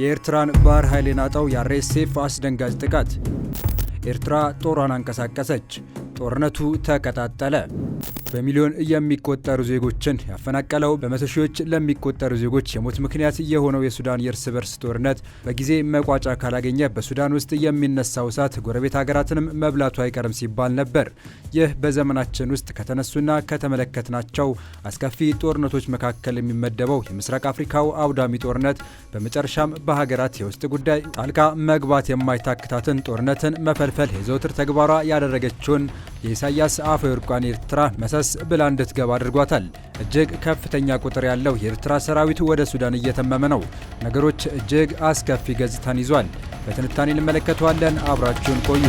የኤርትራን ባህር ኃይል የናጠው የአርኤስኤፍ አስደንጋጭ ጥቃት። ኤርትራ ጦሯን አንቀሳቀሰች፣ ጦርነቱ ተቀጣጠለ። በሚሊዮን የሚቆጠሩ ዜጎችን ያፈናቀለው በመቶ ሺዎች ለሚቆጠሩ ዜጎች የሞት ምክንያት የሆነው የሱዳን የእርስ በርስ ጦርነት በጊዜ መቋጫ ካላገኘ በሱዳን ውስጥ የሚነሳው እሳት ጎረቤት ሀገራትንም መብላቱ አይቀርም ሲባል ነበር። ይህ በዘመናችን ውስጥ ከተነሱና ከተመለከትናቸው አስከፊ ጦርነቶች መካከል የሚመደበው የምስራቅ አፍሪካው አውዳሚ ጦርነት በመጨረሻም በሀገራት የውስጥ ጉዳይ ጣልቃ መግባት የማይታክታትን ጦርነትን መፈልፈል የዘውትር ተግባሯ ያደረገችውን የኢሳያስ አፈወርቋን ኤርትራ መሰስ ብላ እንድትገባ አድርጓታል። እጅግ ከፍተኛ ቁጥር ያለው የኤርትራ ሰራዊት ወደ ሱዳን እየተመመ ነው። ነገሮች እጅግ አስከፊ ገጽታን ይዟል። በትንታኔ እንመለከተዋለን። አብራችሁን ቆዩ።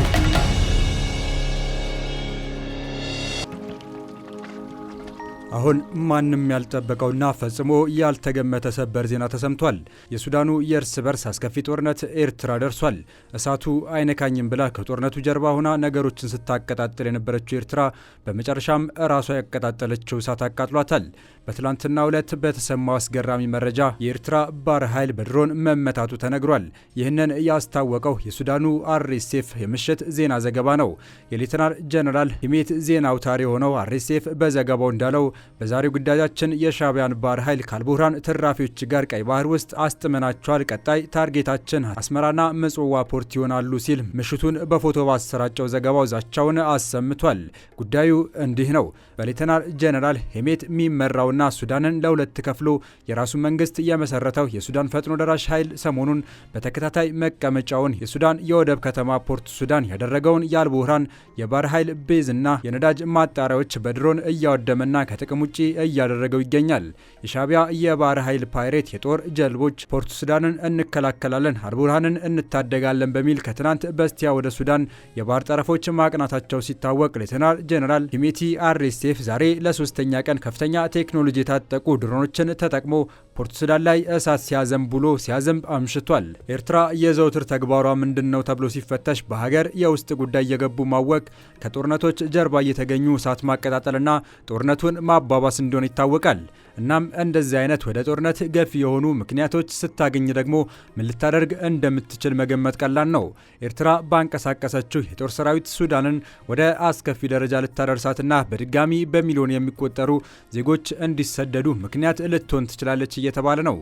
አሁን ማንም ያልጠበቀውና ፈጽሞ ያልተገመተ ሰበር ዜና ተሰምቷል። የሱዳኑ የእርስ በርስ አስከፊ ጦርነት ኤርትራ ደርሷል። እሳቱ አይነካኝም ብላ ከጦርነቱ ጀርባ ሆና ነገሮችን ስታቀጣጥል የነበረችው ኤርትራ በመጨረሻም ራሷ ያቀጣጠለችው እሳት አቃጥሏታል። በትላንትናው ዕለት በተሰማው አስገራሚ መረጃ የኤርትራ ባር ኃይል በድሮን መመታቱ ተነግሯል። ይህንን ያስታወቀው የሱዳኑ አርኤስኤፍ የምሽት ዜና ዘገባ ነው። የሌተናል ጀነራል ሂሜት ዜና አውታር የሆነው አርኤስኤፍ በዘገባው እንዳለው በዛሬው ግዳጃችን የሻቢያን ባህር ኃይል ከአልቡርሃን ትራፊዎች ጋር ቀይ ባህር ውስጥ አስጥመናቸዋል። ቀጣይ ታርጌታችን አስመራና ምጽዋ ፖርት ይሆናሉ ሲል ምሽቱን በፎቶ ባሰራጨው ዘገባው ዛቻውን አሰምቷል። ጉዳዩ እንዲህ ነው። በሌተናል ጄኔራል ሄሜት የሚመራውና ሱዳንን ለሁለት ከፍሎ የራሱ መንግስት የመሰረተው የሱዳን ፈጥኖ ደራሽ ኃይል ሰሞኑን በተከታታይ መቀመጫውን የሱዳን የወደብ ከተማ ፖርት ሱዳን ያደረገውን የአልቡርሃን የባህር ኃይል ቤዝና የነዳጅ ማጣሪያዎች በድሮን እያወደመና ከጥቅም ውጭ እያደረገው ይገኛል። የሻቢያ የባህር ኃይል ፓይሬት የጦር ጀልቦች ፖርት ሱዳንን እንከላከላለን፣ አልቡርሃንን እንታደጋለን በሚል ከትናንት በስቲያ ወደ ሱዳን የባህር ጠረፎች ማቅናታቸው ሲታወቅ ሌተናል ጄኔራል ሂሜቲ አርኤስኤፍ ዛሬ ለሶስተኛ ቀን ከፍተኛ ቴክኖሎጂ የታጠቁ ድሮኖችን ተጠቅሞ ፖርት ሱዳን ላይ እሳት ሲያዘንብ ውሎ ሲያዘንብ አምሽቷል። ኤርትራ የዘውትር ተግባሯ ምንድን ነው ተብሎ ሲፈተሽ በሀገር የውስጥ ጉዳይ የገቡ ማወቅ፣ ከጦርነቶች ጀርባ እየተገኙ እሳት ማቀጣጠልና ጦርነቱን ማ ማባባስ እንደሆነ ይታወቃል። እናም እንደዚህ አይነት ወደ ጦርነት ገፊ የሆኑ ምክንያቶች ስታገኝ ደግሞ ምን ልታደርግ እንደምትችል መገመት ቀላል ነው። ኤርትራ ባንቀሳቀሰችው የጦር ሰራዊት ሱዳንን ወደ አስከፊ ደረጃ ልታደርሳትና በድጋሚ በሚሊዮን የሚቆጠሩ ዜጎች እንዲሰደዱ ምክንያት ልትሆን ትችላለች እየተባለ ነው።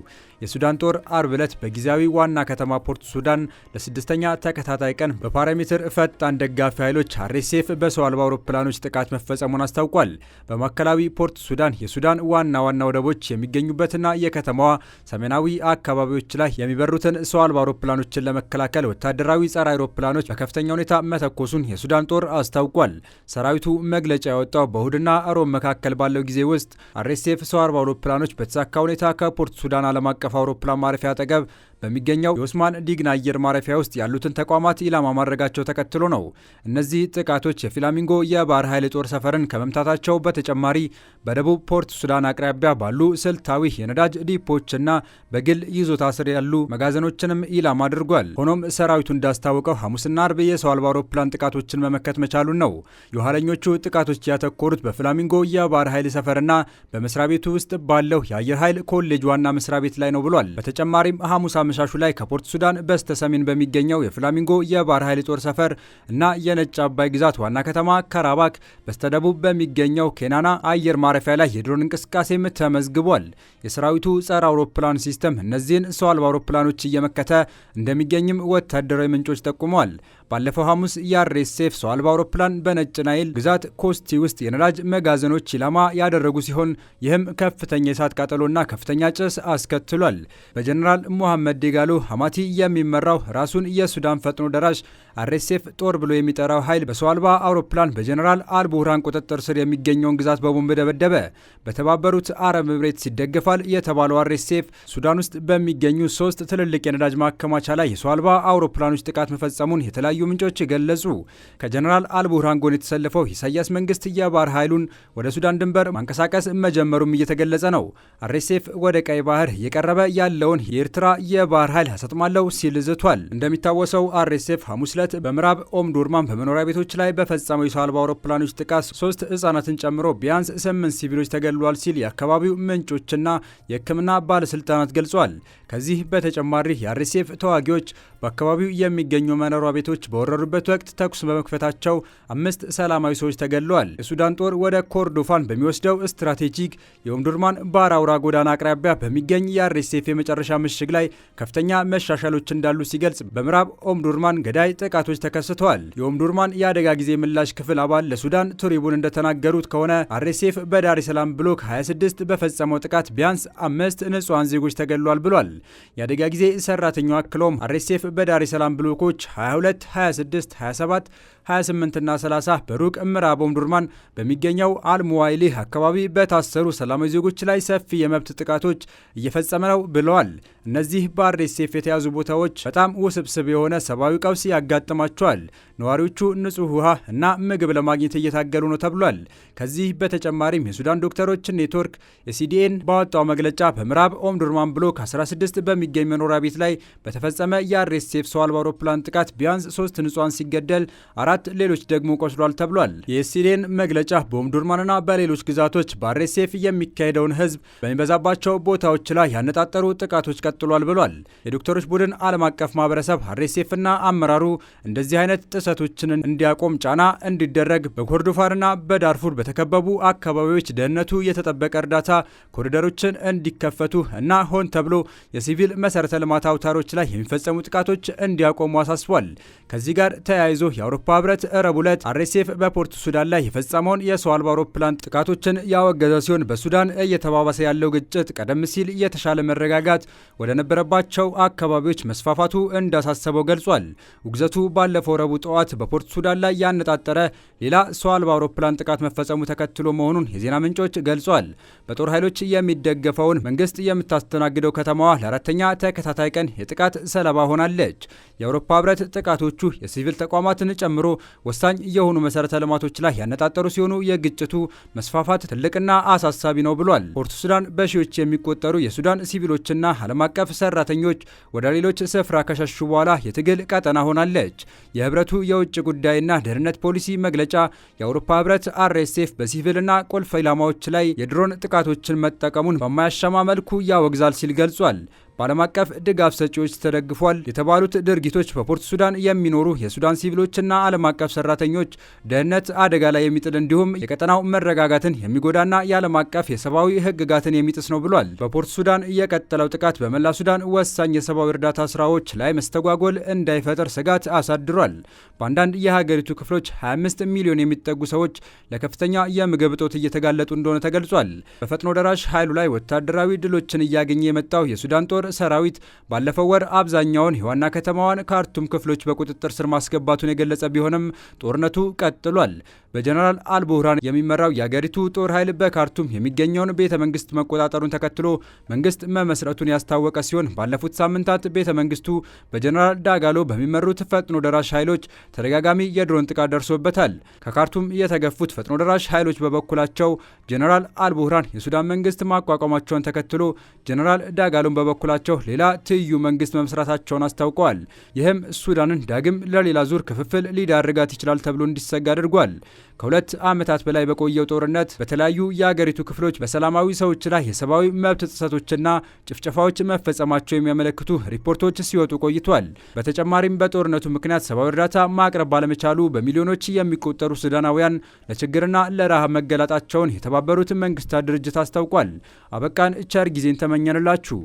የሱዳን ጦር አርብ ዕለት በጊዜያዊ ዋና ከተማ ፖርት ሱዳን ለስድስተኛ ተከታታይ ቀን በፓራሜትር ፈጣን ደጋፊ ኃይሎች አሬሴፍ በሰው አልባ አውሮፕላኖች ጥቃት መፈጸሙን አስታውቋል። በማዕከላዊ ፖርት ሱዳን የሱዳን ዋና ዋና ወደቦች የሚገኙበትና የከተማዋ ሰሜናዊ አካባቢዎች ላይ የሚበሩትን ሰው አልባ አውሮፕላኖችን ለመከላከል ወታደራዊ ጸረ አውሮፕላኖች በከፍተኛ ሁኔታ መተኮሱን የሱዳን ጦር አስታውቋል። ሰራዊቱ መግለጫ ያወጣው በእሁድና ሮብ መካከል ባለው ጊዜ ውስጥ አርኤስኤፍ ሰው አልባ አውሮፕላኖች በተሳካ ሁኔታ ከፖርት ሱዳን ዓለም አቀፍ አውሮፕላን ማረፊያ አጠገብ በሚገኘው የኦስማን ዲግና አየር ማረፊያ ውስጥ ያሉትን ተቋማት ኢላማ ማድረጋቸው ተከትሎ ነው። እነዚህ ጥቃቶች የፍላሚንጎ የባህር ኃይል ጦር ሰፈርን ከመምታታቸው በተጨማሪ በደቡብ ፖርት ሱዳን አቅራቢያ ባሉ ስልታዊ የነዳጅ ዲፖችና በግል ይዞታ ስር ያሉ መጋዘኖችንም ኢላማ አድርጓል። ሆኖም ሰራዊቱ እንዳስታወቀው ሐሙስና አርብ የሰው አልባ አውሮፕላን ጥቃቶችን መመከት መቻሉን ነው። የኋለኞቹ ጥቃቶች ያተኮሩት በፍላሚንጎ የባህር ኃይል ሰፈርና በመስሪያ ቤቱ ውስጥ ባለው የአየር ኃይል ኮሌጅ ዋና መስሪያ ቤት ላይ ነው ብሏል። በተጨማሪም ሐሙስ አመሻሹ ላይ ከፖርት ሱዳን በስተ ሰሜን በሚገኘው የፍላሚንጎ የባህር ኃይል ጦር ሰፈር እና የነጭ አባይ ግዛት ዋና ከተማ ከራባክ በስተደቡብ በሚገኘው ኬናና አየር ማረፊያ ላይ የድሮን እንቅስቃሴም ተመዝግቧል። የሰራዊቱ ጸረ አውሮፕላን ሲስተም እነዚህን ሰው አልባ አውሮፕላኖች እየመከተ እንደሚገኝም ወታደራዊ ምንጮች ጠቁመዋል። ባለፈው ሐሙስ የአርኤስኤፍ ሰው አልባ አውሮፕላን በነጭ ናይል ግዛት ኮስቲ ውስጥ የነዳጅ መጋዘኖች ኢላማ ያደረጉ ሲሆን ይህም ከፍተኛ የእሳት ቃጠሎና ከፍተኛ ጭስ አስከትሏል። በጀኔራል ሞሐመድ ዴጋሎ ሐማቲ የሚመራው ራሱን የሱዳን ፈጥኖ ደራሽ አርኤስኤፍ ጦር ብሎ የሚጠራው ኃይል በሰው አልባ አውሮፕላን በጀኔራል አልቡራን ቁጥጥር ስር የሚገኘውን ግዛት በቦምብ ደበደበ። በተባበሩት አረብ ኤምሬትስ ይደገፋል የተባለው አርኤስኤፍ ሱዳን ውስጥ በሚገኙ ሶስት ትልልቅ የነዳጅ ማከማቻ ላይ የሰው አልባ አውሮፕላኖች ጥቃት መፈጸሙን የተለያዩ የተለያዩ ምንጮች ገለጹ። ከጀነራል አልቡርሃን ጎን የተሰለፈው ኢሳያስ መንግስት የባህር ኃይሉን ወደ ሱዳን ድንበር ማንቀሳቀስ መጀመሩም እየተገለጸ ነው። አሬሴፍ ወደ ቀይ ባህር እየቀረበ ያለውን የኤርትራ የባህር ኃይል አሰጥማለሁ ሲል ዝቷል። እንደሚታወሰው አሬሴፍ ሐሙስ ዕለት በምዕራብ ኦምዱርማን በመኖሪያ ቤቶች ላይ በፈጸመው የሰው አልባ አውሮፕላኖች ጥቃት ሶስት ህጻናትን ጨምሮ ቢያንስ ስምንት ሲቪሎች ተገሏል ሲል የአካባቢው ምንጮችና የህክምና ባለስልጣናት ገልጿል። ከዚህ በተጨማሪ የአሬሴፍ ተዋጊዎች በአካባቢው የሚገኙ መኖሪያ ቤቶች በወረሩበት ወቅት ተኩስ በመክፈታቸው አምስት ሰላማዊ ሰዎች ተገድለዋል። የሱዳን ጦር ወደ ኮርዶፋን በሚወስደው ስትራቴጂክ የኦምዱርማን ባራውራ ጎዳና አቅራቢያ በሚገኝ የአርኤስኤፍ የመጨረሻ ምሽግ ላይ ከፍተኛ መሻሻሎች እንዳሉ ሲገልጽ፣ በምዕራብ ኦምዱርማን ገዳይ ጥቃቶች ተከስተዋል። የኦምዱርማን የአደጋ ጊዜ ምላሽ ክፍል አባል ለሱዳን ትሪቡን እንደተናገሩት ከሆነ አርኤስኤፍ በዳሬ ሰላም ብሎክ 26 በፈጸመው ጥቃት ቢያንስ አምስት ንጹሐን ዜጎች ተገድሏል ብሏል። የአደጋ ጊዜ ሰራተኛው አክሎም አርኤስኤፍ በዳር ሰላም ብሎኮች 22 26፣ 27፣ 28ና 30 በሩቅ ምዕራብ ኦምዱርማን በሚገኘው አልሙዋይሊህ አካባቢ በታሰሩ ሰላማዊ ዜጎች ላይ ሰፊ የመብት ጥቃቶች እየፈጸመ ነው ብለዋል። እነዚህ በአርኤስኤፍ የተያዙ ቦታዎች በጣም ውስብስብ የሆነ ሰብአዊ ቀውስ ያጋጥማቸዋል። ነዋሪዎቹ ንጹህ ውሃ እና ምግብ ለማግኘት እየታገሉ ነው ተብሏል። ከዚህ በተጨማሪም የሱዳን ዶክተሮች ኔትወርክ የሲዲኤን ባወጣው መግለጫ በምዕራብ ኦምዱርማን ብሎክ 16 በሚገኝ መኖሪያ ቤት ላይ በተፈጸመ የአርኤስኤፍ ሰው አልባ አውሮፕላን ጥቃት ቢያንስ 13 ንጹሐን ሲገደል አራት ሌሎች ደግሞ ቆስሏል ተብሏል። የሲዴን መግለጫ በኦምዱርማንና በሌሎች ግዛቶች በአሬሴፍ የሚካሄደውን ህዝብ በሚበዛባቸው ቦታዎች ላይ ያነጣጠሩ ጥቃቶች ቀጥሏል ብሏል። የዶክተሮች ቡድን ዓለም አቀፍ ማህበረሰብ አሬሴፍና አመራሩ እንደዚህ አይነት ጥሰቶችን እንዲያቆም ጫና እንዲደረግ በኮርዶፋንና በዳርፉር በተከበቡ አካባቢዎች ደህንነቱ የተጠበቀ እርዳታ ኮሪደሮችን እንዲከፈቱ እና ሆን ተብሎ የሲቪል መሰረተ ልማት አውታሮች ላይ የሚፈጸሙ ጥቃቶች እንዲያቆሙ አሳስቧል። ከዚህ ጋር ተያይዞ የአውሮፓ ህብረት ረቡዕ ዕለት አርኤስኤፍ በፖርት ሱዳን ላይ የፈጸመውን የሰው አልባ አውሮፕላን ጥቃቶችን ያወገዘ ሲሆን በሱዳን እየተባባሰ ያለው ግጭት ቀደም ሲል የተሻለ መረጋጋት ወደ ነበረባቸው አካባቢዎች መስፋፋቱ እንዳሳሰበው ገልጿል። ውግዘቱ ባለፈው ረቡዕ ጠዋት በፖርት ሱዳን ላይ ያነጣጠረ ሌላ ሰው አልባ አውሮፕላን ጥቃት መፈጸሙ ተከትሎ መሆኑን የዜና ምንጮች ገልጿል። በጦር ኃይሎች የሚደገፈውን መንግስት የምታስተናግደው ከተማዋ ለአራተኛ ተከታታይ ቀን የጥቃት ሰለባ ሆናለች። የአውሮፓ ህብረት ጥቃቶች ሌሎቹ የሲቪል ተቋማትን ጨምሮ ወሳኝ የሆኑ መሰረተ ልማቶች ላይ ያነጣጠሩ ሲሆኑ የግጭቱ መስፋፋት ትልቅና አሳሳቢ ነው ብሏል። ፖርት ሱዳን በሺዎች የሚቆጠሩ የሱዳን ሲቪሎችና ዓለም አቀፍ ሰራተኞች ወደ ሌሎች ስፍራ ከሸሹ በኋላ የትግል ቀጠና ሆናለች። የህብረቱ የውጭ ጉዳይና ደህንነት ፖሊሲ መግለጫ የአውሮፓ ህብረት አርኤስኤፍ በሲቪልና ቁልፍ ኢላማዎች ላይ የድሮን ጥቃቶችን መጠቀሙን በማያሻማ መልኩ ያወግዛል ሲል ገልጿል። በዓለም አቀፍ ድጋፍ ሰጪዎች ተደግፏል የተባሉት ድርጊቶች በፖርት ሱዳን የሚኖሩ የሱዳን ሲቪሎችና ዓለም አቀፍ ሰራተኞች ደህንነት አደጋ ላይ የሚጥል እንዲሁም የቀጠናው መረጋጋትን የሚጎዳና የዓለም አቀፍ የሰብአዊ ህግጋትን የሚጥስ ነው ብሏል። በፖርት ሱዳን የቀጠለው ጥቃት በመላ ሱዳን ወሳኝ የሰብአዊ እርዳታ ስራዎች ላይ መስተጓጎል እንዳይፈጥር ስጋት አሳድሯል። በአንዳንድ የሀገሪቱ ክፍሎች 25 ሚሊዮን የሚጠጉ ሰዎች ለከፍተኛ የምግብ እጦት እየተጋለጡ እንደሆነ ተገልጿል። በፈጥኖ ደራሽ ኃይሉ ላይ ወታደራዊ ድሎችን እያገኘ የመጣው የሱዳን ጦር ሰራዊት ባለፈው ወር አብዛኛውን የዋና ከተማዋን ካርቱም ክፍሎች በቁጥጥር ስር ማስገባቱን የገለጸ ቢሆንም ጦርነቱ ቀጥሏል። በጀነራል አልቡርሃን የሚመራው የአገሪቱ ጦር ኃይል በካርቱም የሚገኘውን ቤተ መንግስት መቆጣጠሩን ተከትሎ መንግስት መመስረቱን ያስታወቀ ሲሆን ባለፉት ሳምንታት ቤተ መንግስቱ በጀነራል ዳጋሎ በሚመሩት ፈጥኖ ደራሽ ኃይሎች ተደጋጋሚ የድሮን ጥቃት ደርሶበታል። ከካርቱም የተገፉት ፈጥኖ ደራሽ ኃይሎች በበኩላቸው ጀነራል አልቡርሃን የሱዳን መንግስት ማቋቋማቸውን ተከትሎ ጀነራል ዳጋሎን በበኩላቸው ሌላ ትይዩ መንግስት መመስራታቸውን አስታውቀዋል። ይህም ሱዳንን ዳግም ለሌላ ዙር ክፍፍል ሊዳርጋት ይችላል ተብሎ እንዲሰጋ አድርጓል። ከሁለት ዓመታት በላይ በቆየው ጦርነት በተለያዩ የአገሪቱ ክፍሎች በሰላማዊ ሰዎች ላይ የሰብአዊ መብት ጥሰቶችና ጭፍጨፋዎች መፈጸማቸው የሚያመለክቱ ሪፖርቶች ሲወጡ ቆይቷል። በተጨማሪም በጦርነቱ ምክንያት ሰብአዊ እርዳታ ማቅረብ ባለመቻሉ በሚሊዮኖች የሚቆጠሩ ሱዳናውያን ለችግርና ለረሃብ መገላጣቸውን የተባበሩት መንግስታት ድርጅት አስታውቋል። አበቃን። ቸር ጊዜን ተመኘንላችሁ።